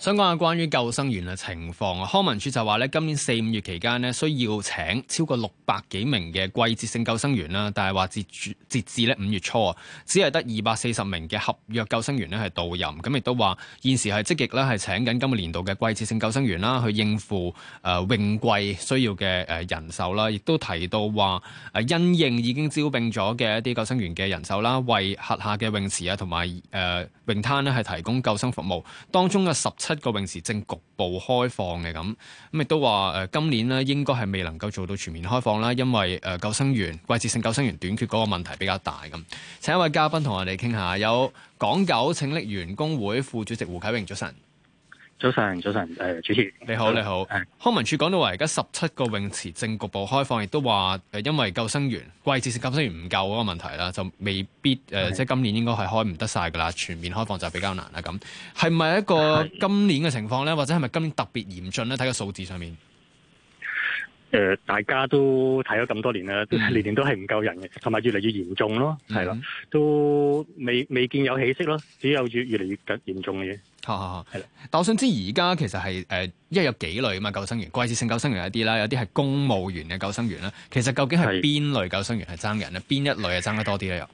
想講下關於救生員嘅情況啊，康文署就話咧今年四五月期間咧需要請超過六百幾名嘅季節性救生員啦，但係話截至截至咧五月初啊，只係得二百四十名嘅合約救生員咧係到任，咁亦都話現時係積極咧係請緊今個年度嘅季節性救生員啦，去應付誒泳季需要嘅誒人手啦，亦都提到話誒因應已經招聘咗嘅一啲救生員嘅人手啦，為轄下嘅泳池啊同埋誒泳灘呢係提供救生服務，當中嘅十七七個泳池正局部開放嘅，咁，咁亦都話誒今年咧應該係未能夠做到全面開放啦，因為誒救生員季節性救生員短缺嗰個問題比較大咁。請一位嘉賓同我哋傾下，有港九拯溺員工會副主席胡啟榮，早晨。早晨，早晨。誒，主席你好，上你好。你好。康文署講到話，而家十七個泳池正局部開放，亦都話，誒，因為救生員季節性救生員唔夠嗰個問題啦，就未必誒的、呃，即係今年應該係開唔得晒噶啦，全面開放就比較難啦。咁係咪一個今年嘅情況咧？或者係咪今年特別嚴峻咧？睇個數字上面。誒、呃，大家都睇咗咁多年啦，年年都係唔夠人嘅，同埋、嗯、哼 越嚟越嚴重咯，係咯，嗯、哼 都未未見有起色咯，只有越來越嚟越急嚴重嘅嘢。係啦呵。的但我想知而家其實係誒、呃，因為有幾類啊嘛，救生員，季節性救生員有啲啦，有啲係公務員嘅救生員啦。其實究竟係邊類救生員係爭人？咧，邊的一類係爭得多啲？咧，又誒、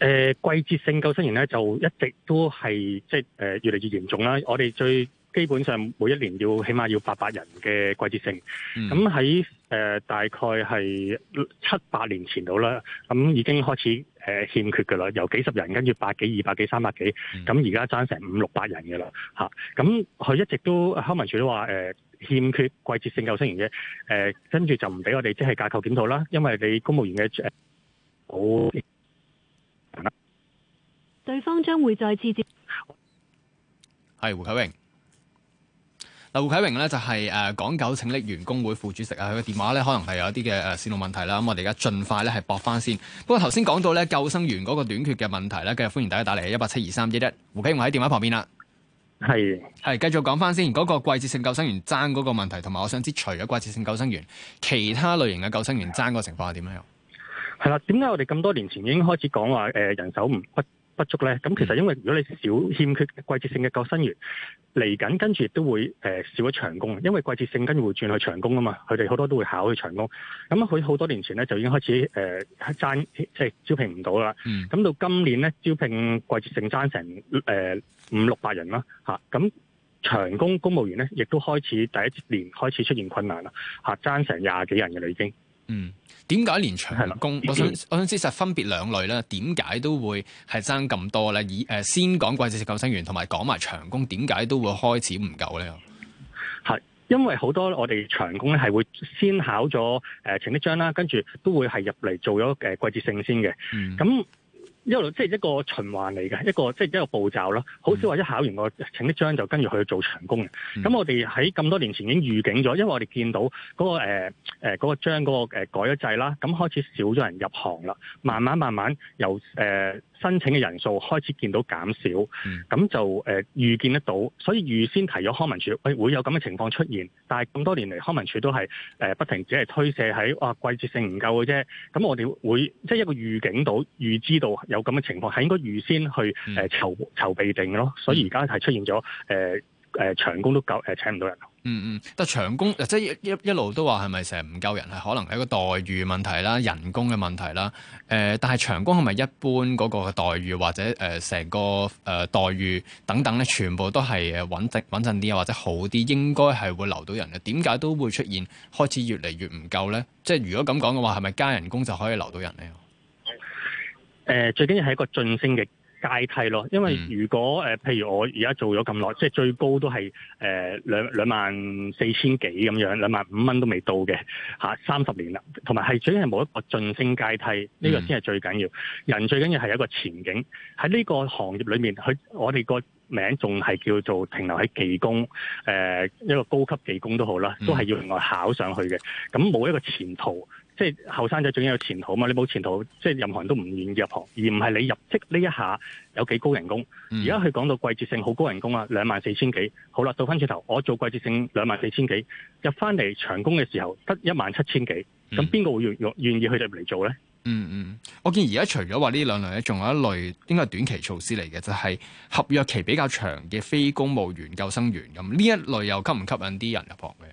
呃，季節性救生員咧就一直都係即係誒，越嚟越嚴重啦。我哋最基本上每一年要起碼要八百人嘅季節性，咁喺誒大概係七八年前度啦，咁、嗯、已經開始誒、呃、欠缺㗎啦，由幾十人跟住百幾、二百幾、三百幾，咁而家爭成五六百人㗎啦吓。咁佢一直都康對文署都話誒、呃、欠缺季節性救生員嘅，誒跟住就唔俾我哋即係架構檢討啦，因為你公務員嘅好。呃、對方將會再次接，係胡啟榮。胡啟榮咧就係誒，港九拯溺員工會副主席啊，佢個電話咧可能係有一啲嘅誒線路問題啦，咁我哋而家盡快咧係駁翻先。不過頭先講到咧救生員嗰個短缺嘅問題咧，繼續歡迎大家打嚟一八七二三一一，胡啟榮喺電話旁邊啦，係係繼續講翻先嗰個季節性救生員爭嗰個問題，同埋我想知除咗季節性救生員，其他類型嘅救生員爭個情況係點樣樣？係啦，點解我哋咁多年前已經開始講話誒人手唔不？不足咧，咁其實因為如果你少欠缺季節性嘅救生員嚟緊，跟住都會、呃、少咗長工，因為季節性跟住會轉去長工啊嘛，佢哋好多都會考去長工。咁佢好多年前咧就已經開始誒、呃、爭即係、欸、招聘唔到啦。咁、嗯、到今年咧招聘季節性爭成誒、呃、五六百人啦，咁、啊、長工公務員咧亦都開始第一年開始出現困難啦，嚇、啊、爭成廿幾人嘅啦已經。嗯，點解連長工、嗯，我想我想知實分別兩類咧？點解都會係爭咁多咧？以誒先講季節性救生員，同埋講埋長工，點解都會開始唔夠咧？係因為好多我哋長工咧係會先考咗誒成績章啦，跟住都會係入嚟做咗誒、呃、季節性先嘅，咁、嗯。一路即係一個循環嚟嘅一個即係、就是、一個步驟啦，嗯、好少話一考完個請一將就跟住去做長工嘅。咁、嗯、我哋喺咁多年前已經預警咗，因為我哋見到嗰、那個誒嗰、呃呃那個章嗰、那個呃、改咗制啦，咁開始少咗人入行啦，慢慢慢慢由誒。呃申請嘅人數開始見到減少，咁就誒、呃、預見得到，所以預先提咗康文署，喂，會有咁嘅情況出現，但係咁多年嚟康文署都係、呃、不停只係推卸喺哇季節性唔夠嘅啫，咁我哋會即係一個預警到預知到有咁嘅情況係應該預先去誒籌、呃、籌備定嘅咯，所以而家係出現咗誒誒、呃、長工都夠誒、呃、請唔到人咯。嗯嗯，但係長工，即係一一路都話係咪成日唔夠人？係可能係一個待遇問題啦、人工嘅問題啦。誒、呃，但係長工係咪一般嗰個待遇或者誒成、呃、個誒、呃、待遇等等咧，全部都係誒穩，穩陣穩陣啲，或者好啲，應該係會留到人嘅。點解都會出現開始越嚟越唔夠咧？即係如果咁講嘅話，係咪加人工就可以留到人咧？誒、呃，最緊要係一個晉升嘅。階梯咯，因為如果譬如我而家做咗咁耐，即係最高都係誒、呃、兩兩萬四千幾咁樣，兩萬五蚊都未到嘅，啊、三十年啦，同埋係最緊要冇一個晉升階梯，呢、嗯、個先係最緊要。人最緊要係一個前景喺呢個行業裏面，佢我哋個名仲係叫做停留喺技工，誒、呃、一個高級技工都好啦，都係要另外考上去嘅，咁冇一個前途。即係後生仔仲要有前途嘛？你冇前途，即係任何人都唔願意入行，而唔係你入職呢一下有幾高人工。而家佢講到季節性好高人工啊，兩萬四千幾。好啦，倒翻轉頭，我做季節性兩萬四千幾，入翻嚟長工嘅時候得一萬七千幾。咁邊個會願意去入嚟做咧？嗯嗯，我見而家除咗話呢兩類咧，仲有一類應該係短期措施嚟嘅，就係合約期比較長嘅非公務員救生員咁。呢一類又吸唔吸引啲人入行嘅？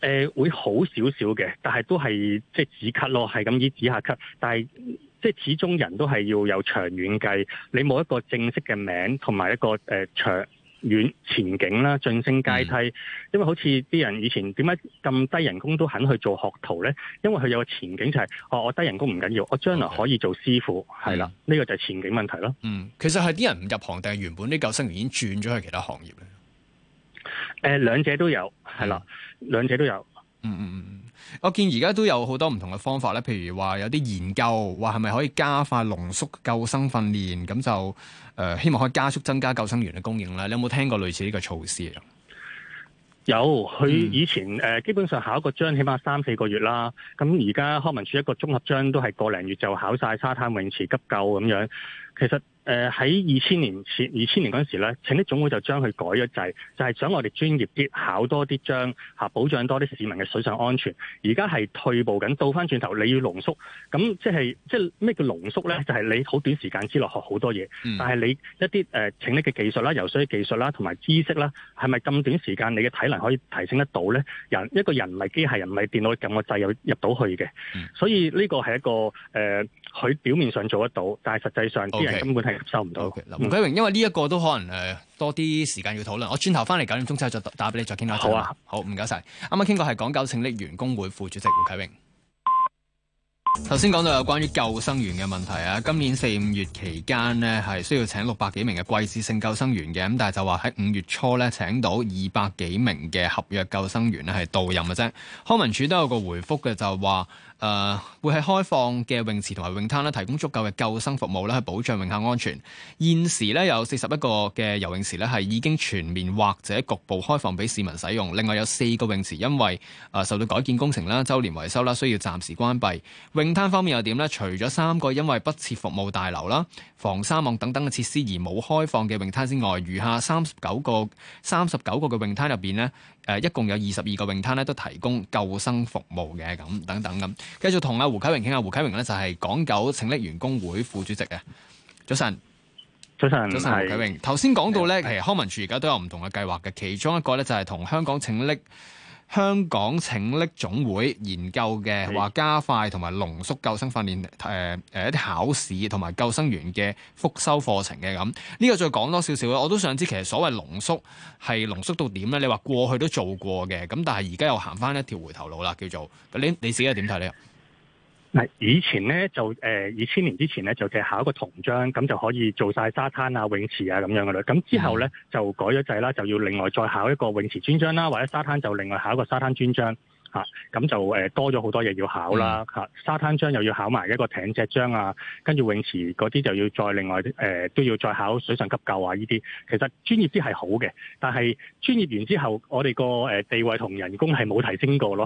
誒，會好少少嘅，但係都係即止咳咯，係咁意止下咳。但係即、嗯就是，始終人都係要有長遠計，你冇一個正式嘅名同埋一個誒長遠前景啦，晉升階梯。嗯、因為好似啲人以前點解咁低人工都肯去做學徒咧？因為佢有個前景就係、是、哦，我低人工唔緊要，我將來可以做師傅，係啦 Okay, 是。呢個就係前景問題咯。嗯，其實係啲人唔入行，定係原本啲救生員已經轉咗去其他行業咧？誒，兩者都有，係啦，兩、嗯、者都有。嗯嗯嗯，我見而家都有好多唔同嘅方法咧，譬如話有啲研究話係咪可以加快濃縮救生訓練，咁就誒、呃、希望可以加速增加救生員嘅供應咧。你有冇聽過類似呢個措施啊？有，佢以前誒、呃、基本上考一個章起碼三四個月啦，咁而家康文署一個綜合章都係個零月就考晒沙灘泳池急救咁樣，其實。誒喺二千年前二千年嗰陣時咧，拯溺總會就將佢改咗制，就係、是、想我哋專業啲，考多啲章，保障多啲市民嘅水上安全。而家係退步緊，倒翻轉頭你要濃縮，咁即係即係咩叫濃縮咧？就係、是、你好短時間之內學好多嘢，但係你一啲誒拯溺嘅技術啦、游水嘅技術啦、同埋知識啦，係咪咁短時間你嘅體能可以提升得到咧？人，一個人唔係機械人，唔係電腦撳個掣入入到去嘅。所以呢個係一個誒，佢、呃、表面上做得到，但係實際上啲人根本係。Okay. 收唔到佢。胡啟榮，因為呢一個都可能誒、呃、多啲時間要討論。我轉頭翻嚟九點鐘之後再打俾你再傾下。好啊，好，唔該晒。啱啱傾過係講港九拯溺員工會副主席胡啟榮。頭先講到有關於救生員嘅問題啊，今年四五月期間呢，係需要請六百幾名嘅季節性救生員嘅，咁但係就話喺五月初咧請到二百幾名嘅合約救生員咧係到任嘅啫。康文署都有個回覆嘅，就係話。誒、呃、會喺開放嘅泳池同埋泳灘呢提供足夠嘅救生服務咧，去保障泳客安全。現時呢有四十一個嘅游泳池咧係已經全面或者局部開放俾市民使用。另外有四個泳池因為、呃、受到改建工程啦、週年維修啦，需要暫時關閉。泳灘方面又點呢？除咗三個因為不設服務大樓啦、防沙網等等嘅設施而冇開放嘅泳灘之外，餘下三十九個三十九個嘅泳灘入面呢、呃，一共有二十二個泳灘呢都提供救生服務嘅咁等等咁。繼續同阿胡啟榮傾下，胡啟榮咧就係港九拯溺員工會副主席嘅。早晨，早晨，早晨，胡啟榮。頭先講到咧，是其實康文署而家都有唔同嘅計劃嘅，其中一個咧就係同香港拯溺香港拯溺總會研究嘅話加快同埋濃縮救生訓練誒、誒一啲考試同埋救生員嘅復修課程嘅，咁呢個再講多少少啦，我都想知其實所謂濃縮係濃縮到點咧？你話過去都做過嘅，咁，但係而家又行翻一條回頭路啦，叫做你你自己係點睇呢？係以前咧就誒，二千年之前咧就係考一個銅章，咁就可以做晒沙灘啊、泳池啊咁樣噶啦。咁之後咧就改咗制啦，就要另外再考一個泳池專章啦、啊，或者沙灘就另外考一個沙灘專章。咁、啊、就誒、呃、多咗好多嘢要考啦、啊！沙灘章又要考埋一個艇隻章啊，跟住泳池嗰啲就要再另外誒、呃、都要再考水上急救啊呢啲。其實專業啲係好嘅，但係專業完之後，我哋個地位同人工係冇提升過咯、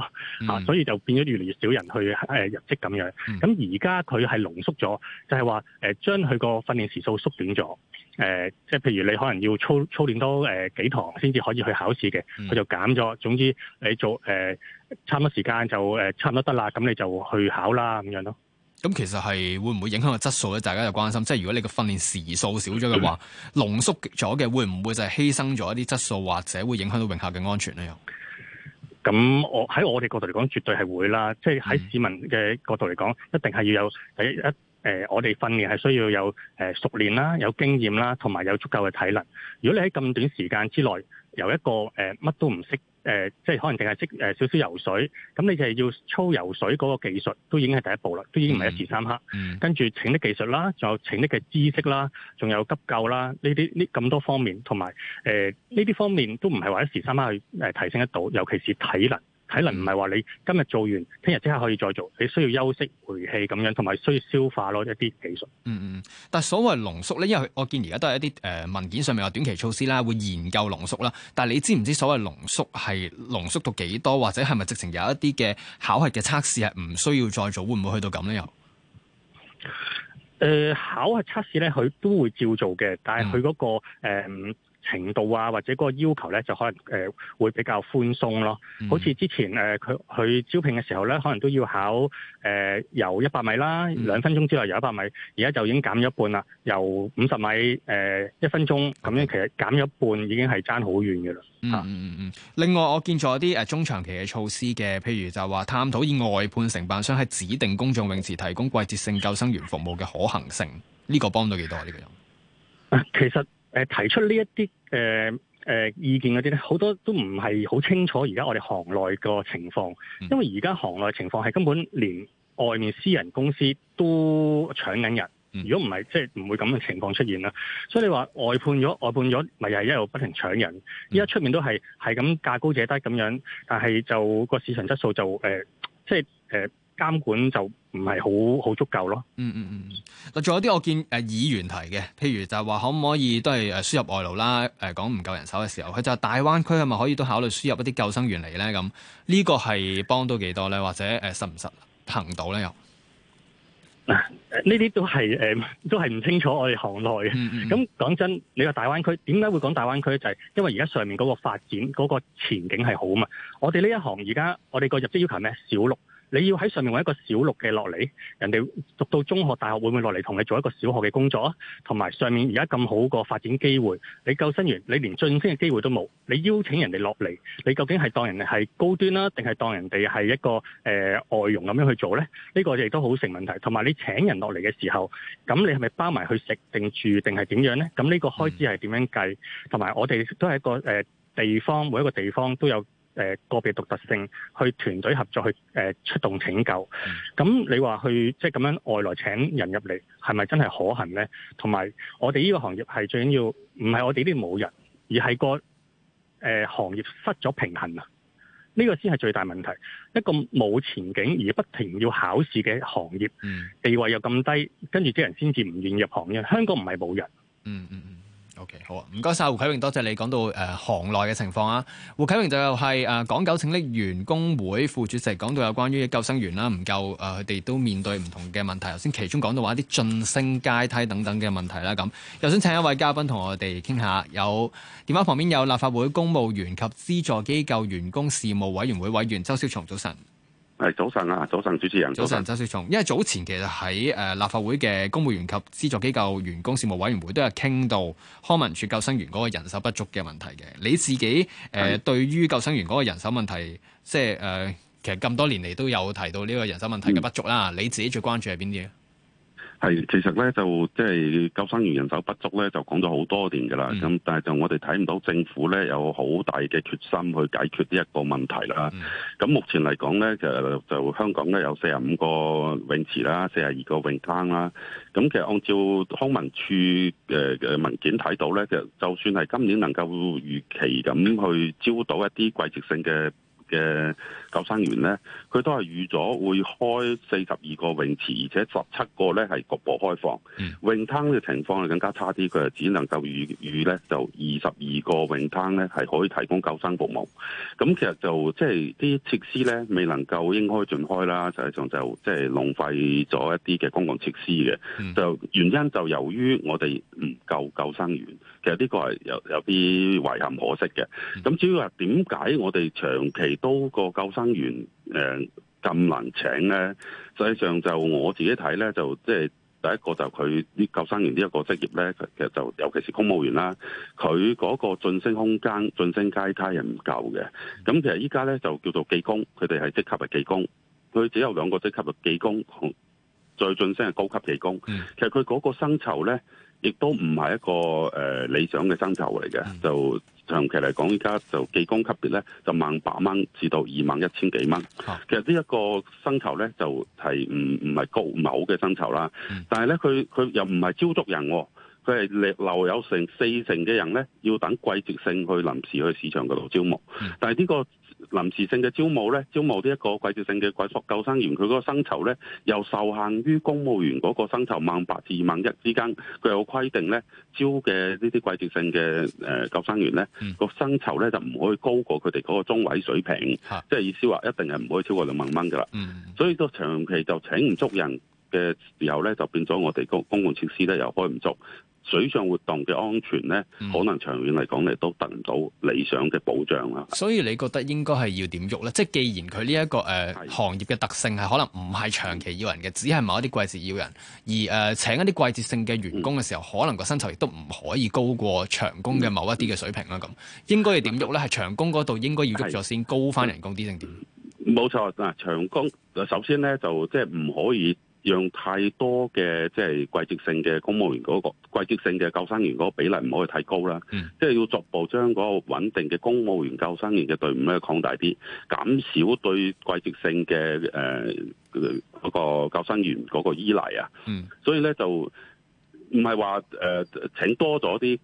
啊。所以就變咗越嚟越少人去、呃、入職咁樣。咁而家佢係濃縮咗，就係話誒將佢個訓練時數縮短咗。誒、呃，即係譬如你可能要操操練多、呃、幾堂先至可以去考試嘅，佢就減咗。總之你做誒，呃差唔多時間就誒差唔多得啦，咁你就去考啦咁樣咯。咁其實係會唔會影響個質素咧？大家就關心，即係如果你個訓練時數少咗嘅話，濃縮咗嘅，會唔會就係犧牲咗一啲質素，或者會影響到泳客嘅安全咧？又咁，我喺我哋角度嚟講，絕對係會啦。即係喺市民嘅角度嚟講，一定係要有第一一。誒、呃，我哋訓練係需要有誒、呃、熟練啦，有經驗啦，同埋有，有足夠嘅體能。如果你喺咁短時間之內，由一個誒乜、呃、都唔識，誒、呃、即係可能淨係識誒少少游水，咁你就係要操游水嗰個技術，都已經係第一步啦，都已經唔係一時三刻。嗯嗯、跟住拯溺技術啦，仲有拯溺嘅知識啦，仲有急救啦，呢啲呢咁多方面，同埋誒呢啲方面都唔係話一時三刻去誒提升得到，尤其是體能。體能唔係話你今日做完，聽日即刻可以再做，你需要休息回氣咁樣，同埋需要消化咯一啲技術。嗯嗯，但係所謂濃縮咧，因為我見而家都係一啲誒文件上面有短期措施啦，會研究濃縮啦。但係你知唔知所謂濃縮係濃縮到幾多，或者係咪直情有一啲嘅考核嘅測試係唔需要再做，會唔會去到咁呢？又誒、呃、考核測試咧，佢都會照做嘅，但係佢嗰個、嗯程度啊，或者嗰個要求咧，就可能誒、呃、會比較寬鬆咯。嗯、好似之前誒佢佢招聘嘅時候咧，可能都要考誒、呃、游一百米啦，兩、嗯、分鐘之內游一百米。而家就已經減咗一半啦，游五十米誒、呃、一分鐘咁樣，其實減咗一半已經係爭好遠嘅啦。嗯嗯嗯，另外，我見咗啲誒中長期嘅措施嘅，譬如就話探討以外判承辦商喺指定公眾泳池提供季節性救生員服務嘅可行性，呢、這個幫到幾多呢個？啊，其實。誒，提出呢一啲誒誒意見嗰啲咧，好多都唔係好清楚。而家我哋行內個情況，因為而家行內情況係根本連外面私人公司都搶緊人，如果唔係，即係唔會咁嘅情況出現啦。所以你話外判咗外判咗，咪又係一路不停搶人。而家出面都係係咁價高者得咁樣，但係就個市場質素就，就、呃、誒，即係誒。呃監管就唔係好好足夠咯。嗯嗯嗯。嗱，仲、嗯嗯、有啲我見誒、呃、議員提嘅，譬如就係話可唔可以都係誒輸入外勞啦？誒、呃，講唔夠人手嘅時候，佢就係大灣區係咪可以都考慮輸入一啲救生員嚟咧？咁呢個係幫到幾多咧？或者誒、呃、實唔實行到咧？又嗱，呢啲都係誒、呃、都係唔清楚我哋行內嘅。咁講、嗯嗯、真，你話大灣區點解會講大灣區？就係、是、因為而家上面嗰個發展嗰、那個前景係好啊嘛。我哋呢一行而家我哋個入職要求咩？小六。你要喺上面搵一個小六嘅落嚟，人哋讀到中學、大學會唔會落嚟同你做一個小學嘅工作啊？同埋上面而家咁好個發展機會，你救生員你連晉升嘅機會都冇，你邀請人哋落嚟，你究竟係當人哋係高端啦，定係當人哋係一個誒、呃、外傭咁樣去做咧？呢、這個亦都好成問題。同埋你請人落嚟嘅時候，咁你係咪包埋去食定住定係點樣咧？咁呢個開支係點樣計？同埋、嗯、我哋都係一個誒、呃、地方，每一個地方都有。誒、呃，個別獨特性去團隊合作、呃嗯、去，誒出動拯救。咁你話去即係咁樣外來請人入嚟，係咪真係可行呢？同埋我哋呢個行業係最緊要，唔係我哋呢啲冇人，而係個誒、呃、行業失咗平衡啊！呢、這個先係最大問題。一個冇前景而不停要考試嘅行業，嗯、地位又咁低，跟住啲人先至唔願意入行。因香港唔係冇人。嗯，嗯嗯。OK，好啊，唔該晒，胡啟榮，多謝你講到誒、呃、行內嘅情況啊。胡啟榮就又係誒、呃、港九拯溺員工會副主席，講到有關於救生員啦，唔夠誒，佢哋都面對唔同嘅問題。頭先其中講到話啲晉升階梯等等嘅問題啦，咁又想請一位嘉賓同我哋傾下。有電話旁邊有立法會公務員及資助機構員工事務委員會委員周小松，早晨。係，早晨啊，早晨主持人。早晨，早晨周小松。因為早前其實喺誒立法會嘅公務員及資助機構員工事務委員會都有傾到康文署救生員嗰個人手不足嘅問題嘅。你自己誒、呃嗯、對於救生員嗰、呃、個人手問題，即係誒其實咁多年嚟都有提到呢個人手問題嘅不足啦。嗯、你自己最關注係邊啲？係，其實咧就即係、就是、救生員人手不足咧，就講咗好多年噶啦。咁、嗯、但係就我哋睇唔到政府咧有好大嘅決心去解決呢一個問題啦。咁、嗯、目前嚟講咧就就香港咧有四十五個泳池啦，四十二個泳灘啦。咁其實按照康文署誒嘅文件睇到咧，就就算係今年能夠預期咁去招到一啲季節性嘅。嘅救生員呢，佢都係預咗會開四十二個泳池，而且十七個呢係局部開放。Mm. 泳灘嘅情況係更加差啲，佢係只能夠預預呢就二十二個泳灘呢係可以提供救生服務。咁其實就即係啲設施呢未能夠應開盡開啦，實際上就即係浪費咗一啲嘅公共設施嘅。Mm. 就原因就由於我哋唔夠救生員，其實呢個係有有啲遺憾可惜嘅。咁至於話點解我哋長期都個救生員誒咁、呃、難請呢，實際上就我自己睇呢，就即係第一個就佢啲救生員呢一個職業呢，其實就尤其是公務員啦，佢嗰個晉升空間、晉升階梯係唔夠嘅。咁其實依家呢，就叫做技工，佢哋係職級係技工，佢只有兩個職級嘅技工，再晉升係高級技工。其實佢嗰個薪酬呢，亦都唔係一個誒、呃、理想嘅薪酬嚟嘅，mm hmm. 就長期嚟講，依家就技工級別咧，就萬八蚊至到二萬一千幾蚊。Oh. 其實生呢一個薪酬咧，就係唔唔係高唔好嘅薪酬啦。Mm hmm. 但係咧，佢佢又唔係招足人、哦，佢係留有成四成嘅人咧，要等季節性去臨時去市場嗰度招募。Mm hmm. 但係呢、呢個臨時性嘅招募咧，招募呢一個季節性嘅貴服救生員，佢嗰個薪酬咧又受限於公務員嗰個薪酬萬八至二萬一之間，佢有規定咧，招嘅呢啲季節性嘅誒、呃、救生員咧，嗯、個薪酬咧就唔可以高過佢哋嗰個中位水平，即係、啊、意思話一定係唔可以超過兩萬蚊噶啦。嗯、所以都長期就請唔足人嘅時候咧，就變咗我哋個公共設施咧又開唔足。水上活動嘅安全咧，嗯、可能長遠嚟講你都得唔到理想嘅保障啦。所以你覺得應該係要點喐咧？即係既然佢呢一個誒、呃、是的 行業嘅特性係可能唔係長期要人嘅，只係某一啲季節要人，而誒、呃、請一啲季節性嘅員工嘅時候，嗯、可能個薪酬亦都唔可以高過長工嘅某一啲嘅水平啦。咁、嗯、應該要點喐咧？係的長工嗰度應該要喐咗先，的高返人工啲定點？冇錯嗱，長工首先咧就即係唔可以。讓太多嘅即係季節性嘅公務員，嗰個季節性嘅救生員嗰個比例唔可以太高啦，嗯、即係要逐步將嗰個穩定嘅公務員救生員嘅隊伍咧擴大啲，減少對季節性嘅誒嗰個救生員嗰個依賴啊。嗯、所以咧就唔係話誒請多咗啲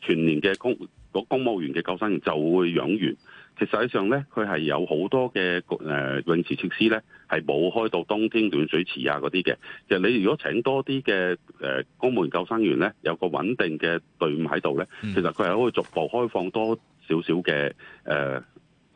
全年嘅公嗰公務員嘅救生員就會養完。其實際上咧，佢係有好多嘅誒、呃、泳池設施咧，係冇開到冬天暖水池啊嗰啲嘅。其實你如果請多啲嘅誒公務員救生員咧，有個穩定嘅隊伍喺度咧，其實佢係可以逐步開放多少少嘅誒。呃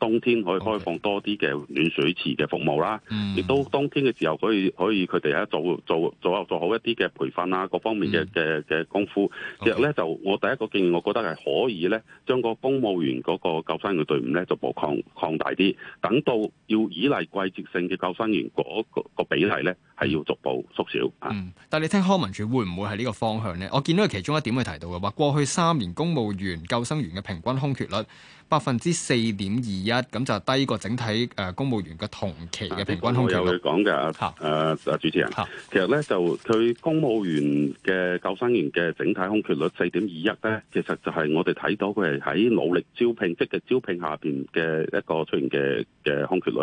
冬天可以開放多啲嘅暖水池嘅服務啦，亦 Okay. 都冬天嘅時候可以可以佢哋喺做做做做好一啲嘅培訓啊，各方面嘅嘅嘅功夫。其實咧就我第一個建議，我覺得係可以咧，將個公務員嗰個救生員隊伍咧逐步擴擴大啲，等到要依賴季節性嘅救生員嗰、嗰個嗰個比例咧係要逐步縮小啊、嗯。但係你聽康文署會唔會係呢個方向咧？我見到佢其中一點佢提到嘅話，過去三年公務員救生員嘅平均空缺率。百分之四點二一，咁就低過整體公務員嘅同期嘅平均空缺我、啊、有嘢講、啊啊、主持人。啊、其實咧，就佢公務員嘅救生員嘅整體空缺率四點二一咧，其實就係我哋睇到佢係喺努力招聘、積極招聘下面嘅一個出現嘅嘅空缺率。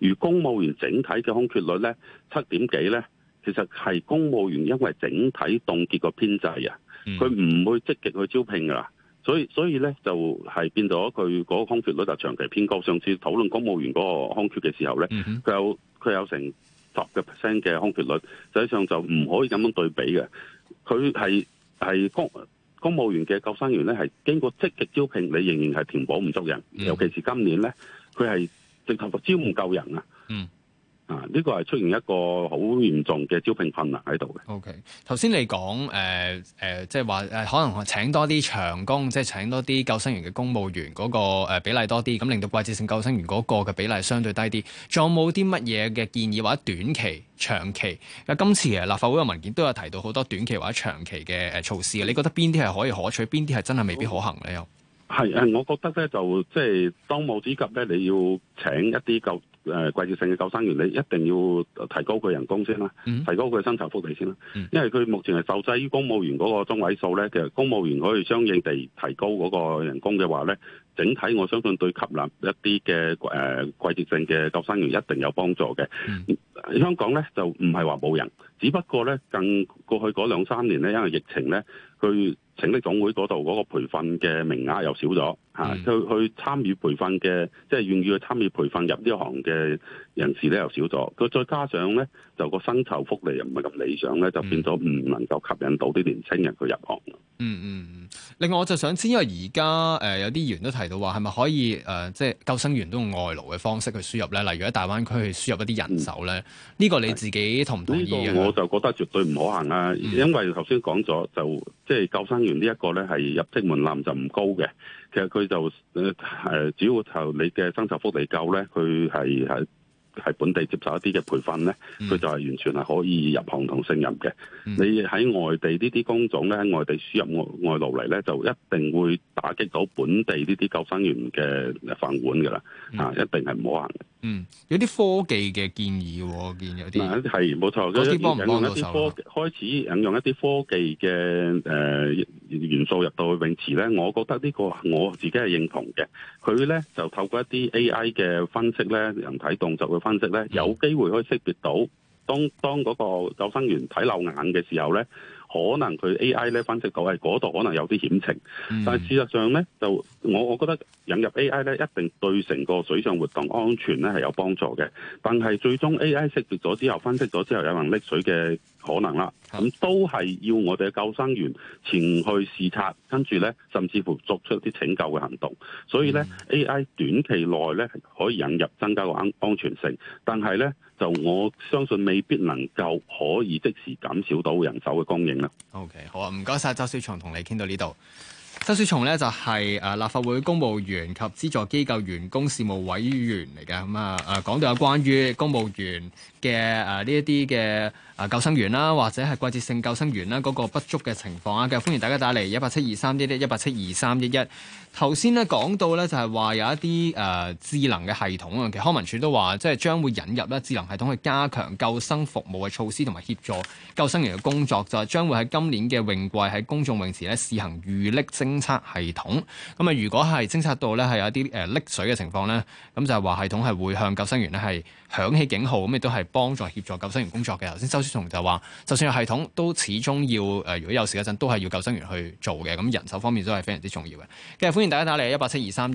而公務員整體嘅空缺率咧七點幾咧，其實係公務員因為整體凍結個編制啊，佢唔會積極去招聘㗎啦。所以所以咧就係、是、變咗佢嗰個空缺率就長期偏高。上次討論公務員嗰個空缺嘅時候咧，佢、mm hmm. 有佢有成十嘅 percent 嘅空缺率，實際上就唔可以咁樣對比嘅。佢係係公公務員嘅救生員咧，係經過積極招聘，你仍然係填補唔足人，mm hmm. 尤其是今年咧，佢係直頭招唔夠人啊。Mm hmm. 啊！呢、這個係出現一個好嚴重嘅招聘困難喺度嘅。O K，頭先你講誒誒，即係話誒，呃就是、可能請多啲長工，即、就、係、是、請多啲救生員嘅公務員嗰、那個、呃、比例多啲，咁令到季節性救生員嗰個嘅比例相對低啲。仲有冇啲乜嘢嘅建議或者短期、長期？啊、今次立法會嘅文件都有提到好多短期或者長期嘅措施，你覺得邊啲係可以可取，邊啲係真係未必可行呢？又係、嗯、我覺得咧就即係當務之急咧，你要請一啲救。誒、呃、季節性嘅救生員，你一定要提高佢人工先啦，mm hmm. 提高佢薪酬福利先啦，mm hmm. 因為佢目前係受制於公務員嗰個中位數咧，其實公務員可以相應地提高嗰個人工嘅話咧，整體我相信對吸納一啲嘅誒季節性嘅救生員一定有幫助嘅。Mm hmm. 香港咧就唔係話冇人，只不過咧近過去嗰兩三年咧，因為疫情咧佢。成立總會嗰度嗰個培訓嘅名額又少咗嚇，去、嗯、去參與培訓嘅即係願意去參與培訓入呢行嘅人士咧又少咗，佢再加上咧就個薪酬福利又唔係咁理想咧，就變咗唔能夠吸引到啲年青人去入行嗯。嗯嗯，另外我就想知，因為而家誒有啲議員都提到話，係咪可以誒即係救生員都用外勞嘅方式去輸入咧？例如喺大灣區去輸入一啲人手咧，呢、嗯、個你自己同唔同意？我就覺得絕對唔可行啊，因為頭先講咗就即係、就是、救生。呢一、嗯、個咧係入職門檻就唔高嘅，其實佢就誒、呃、主要就你嘅薪酬福利夠咧，佢係係係本地接受一啲嘅培訓咧，佢就係完全係可以入行同勝任嘅。嗯、你喺外地呢啲工種咧，喺外地輸入外外勞嚟咧，就一定會打擊到本地呢啲救生員嘅飯碗㗎喇，嚇、啊、一定係唔可行的。嗯，有啲科技嘅建議，我見有啲係冇錯，有啲引用一啲科技，開始引用一啲科技嘅誒元素入到去泳池咧。我覺得呢個我自己係認同嘅。佢咧就透過一啲 AI 嘅分析咧，人體動作去分析咧，有機會可以識別到，當當嗰個救生員睇漏眼嘅時候咧，可能佢 AI 咧分析到係嗰度可能有啲險情，但係事實上咧就。我我覺得引入 AI 咧，一定對成個水上活動安全咧係有幫助嘅。但係最終 AI 識別咗之後，分析咗之後有人溺水嘅可能啦，咁、嗯、都係要我哋嘅救生員前去視察，跟住咧甚至乎作出一啲拯救嘅行動。所以咧，AI 短期內咧可以引入增加個安安全性，但係咧就我相信未必能夠可以即時減少到人手嘅供應啦。OK，好啊，唔該晒，周小松同你傾到呢度。周小松咧就係立法會公務員及資助機構員工事務委員嚟嘅，咁啊講到有關於公務員嘅誒呢一啲嘅。啊！救生員啦，或者係季節性救生員啦，嗰個不足嘅情況啊，咁歡迎大家打嚟一八七二三一一一八七二三一一。頭先呢講到呢，就係話有一啲誒智能嘅系統啊，其實康文署都話即係將會引入呢智能系統去加強救生服務嘅措施同埋協助救生員嘅工作，就係將會喺今年嘅泳季喺公眾泳池呢，試行預溺偵測系統。咁啊，如果係偵測到呢係有一啲誒溺水嘅情況呢，咁就係話系統係會向救生員呢係。響起警號，咁亦都係幫助協助救生員工作嘅。頭先周小松就話，就算有系統都始終要誒、呃，如果有事嗰陣，都係要救生員去做嘅。咁人手方面都係非常之重要嘅。今日歡迎大家打嚟一八七二三一。1, 8, 7, 2, 3, 1,